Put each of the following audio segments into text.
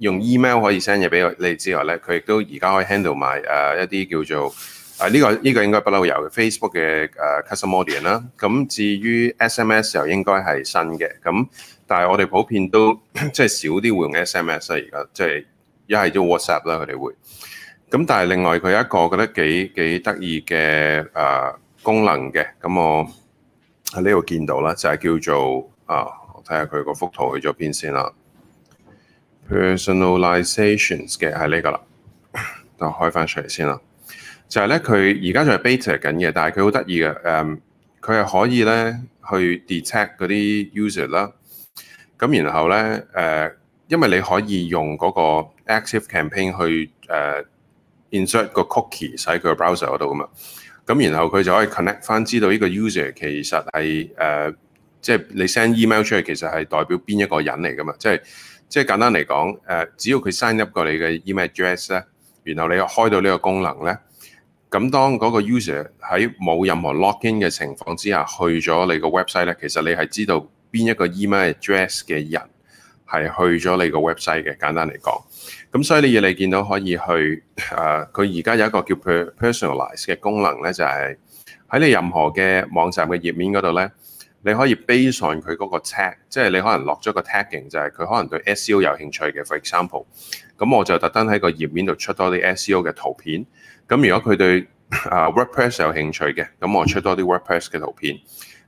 用 email 可以 send 嘢俾你之外咧，佢亦都而家可以 handle 埋誒一啲叫做啊呢、呢個呢、呢個應該不嬲有嘅 Facebook 嘅誒 Custom Audience 啦。咁、啊啊、至於 SMS 又應該係新嘅。咁、啊、但係我哋普遍都即係、即係、少啲會用 SMS 啦、啊。而家即係一係都 WhatsApp 啦、啊，佢哋會。咁、啊、但係另外佢有一個覺得幾幾得意嘅誒功能嘅。咁我喺呢度見到啦，就係叫做啊，我睇下佢個幅圖去咗邊先啦。personalizations 嘅係呢個啦，就開翻出嚟先啦。就係咧，佢而家仲係 beta 緊嘅，但係佢好得意嘅誒，佢係可以咧去 detect 嗰啲 user 啦。咁然後咧誒，因為你可以用嗰個 active campaign 去誒 insert 個 cookie 喺佢個 browser 嗰度噶嘛。咁然後佢就可以 connect 翻，知道呢個 user 其實係誒，即係你 send email 出嚟，其實係代表邊一個人嚟噶嘛，即係。即係簡單嚟講，只要佢 sign up 過你嘅 email address 咧，然後你開到呢個功能咧，咁當嗰個 user 喺冇任何 login 嘅情況之下去咗你個 website 咧，其實你係知道邊一個 email address 嘅人係去咗你個 website 嘅。簡單嚟講，咁所以你要你見到可以去誒，佢而家有一個叫 personalize 嘅功能咧，就係喺你任何嘅網站嘅頁面嗰度咧。你可以 base 上佢嗰個 tag，即係你可能落咗個 taging，g 就係佢可能對 S e O 有興趣嘅，for example。咁我就特登喺個頁面度出多啲 S e O 嘅圖片。咁如果佢對啊 WordPress 有興趣嘅，咁我出多啲 WordPress 嘅圖片。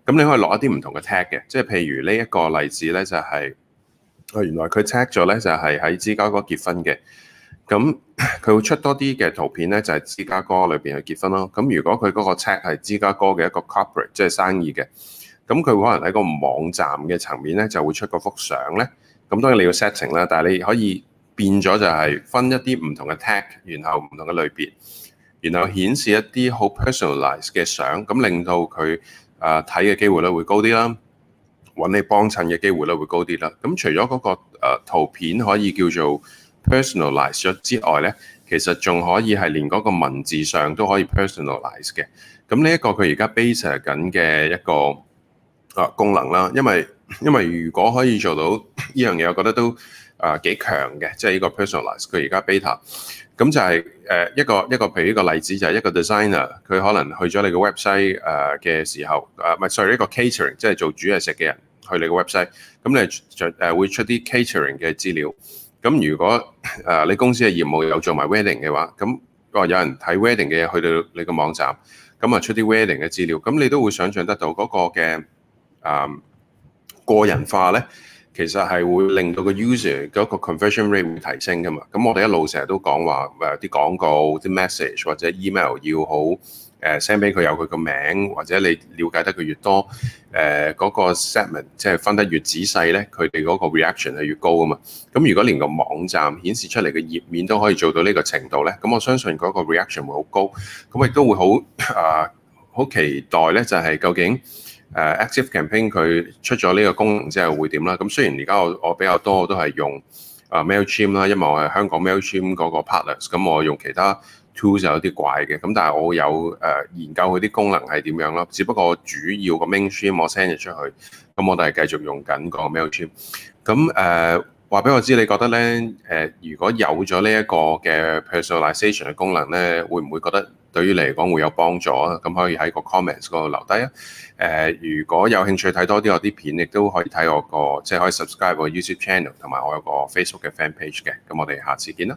咁你可以攞一啲唔同嘅 tag 嘅，即係譬如呢一個例子咧，就是，就係原來佢 check 咗咧，就係喺芝加哥結婚嘅。咁佢會出多啲嘅圖片咧，就係芝加哥裏邊去結婚咯。咁如果佢嗰個 check 係芝加哥嘅一個 corporate，即係生意嘅。咁佢可能喺個網站嘅層面咧，就會出個幅相咧。咁當然你要 setting 啦，但係你可以變咗就係分一啲唔同嘅 tag，然後唔同嘅類別，然後顯示一啲好 personalised 嘅相，咁令到佢誒睇嘅機會率會高啲啦，揾你幫襯嘅機會率會高啲啦。咁除咗嗰個誒圖片可以叫做 personalised 之外咧，其實仲可以係連嗰個文字上都可以 personalised 嘅。咁呢一個佢而家 base 緊嘅一個。啊，功能啦，因為因為如果可以做到呢樣嘢，我覺得都啊幾強嘅，即係呢個 personalize。佢而家 beta 咁就係誒一個一個譬如一個例子就係一個 designer 佢可能去咗你個 website 誒、啊、嘅時候誒，唔、啊、係 sorry 呢個 catering，即係做煮嘢食嘅人去你個 website，咁你誒會出啲 catering 嘅資料。咁如果誒、啊、你公司嘅業務有做埋 wedding 嘅話，咁啊有人睇 wedding 嘅嘢去到你個網站，咁啊出啲 wedding 嘅資料，咁你都會想象得到嗰個嘅。誒、um, 個人化咧，其實係會令到個 user 嗰個 conversion rate 會提升噶嘛說說。咁我哋一路成日都講話誒啲廣告、啲 message 或者 email 要好誒 send 俾佢有佢個名，或者你了解得佢越多嗰，呃嗰個 segment，即係分得越仔細咧，佢哋嗰個 reaction 係越高啊嘛。咁如果連個網站顯示出嚟嘅頁面都可以做到呢個程度咧，咁我相信嗰個 reaction 會好高。咁亦都會好好、呃、期待咧，就係、是、究竟。Uh, active campaign 佢出咗呢個功能之後會點啦？咁雖然而家我我比較多都係用啊、uh, mailchimp 啦，因為我係香港 mailchimp 嗰個 partners，咁我用其他 tools 就有啲怪嘅。咁但係我有、uh, 研究佢啲功能係點樣咯。只不過主要個 mainstream 我 send 咗出去，咁我哋係繼續用緊個 mailchimp。咁、uh, 話俾我知，你覺得咧、呃，如果有咗呢一個嘅 personalization 嘅功能咧，會唔會覺得對於你嚟講會有幫助啊？咁可以喺個 comments 嗰度留低啊、呃。如果有興趣睇多啲我啲片，亦都可以睇我個即係可以 subscribe 我個 YouTube channel，同埋我有個 Facebook 嘅 fan page 嘅。咁我哋下次見啦。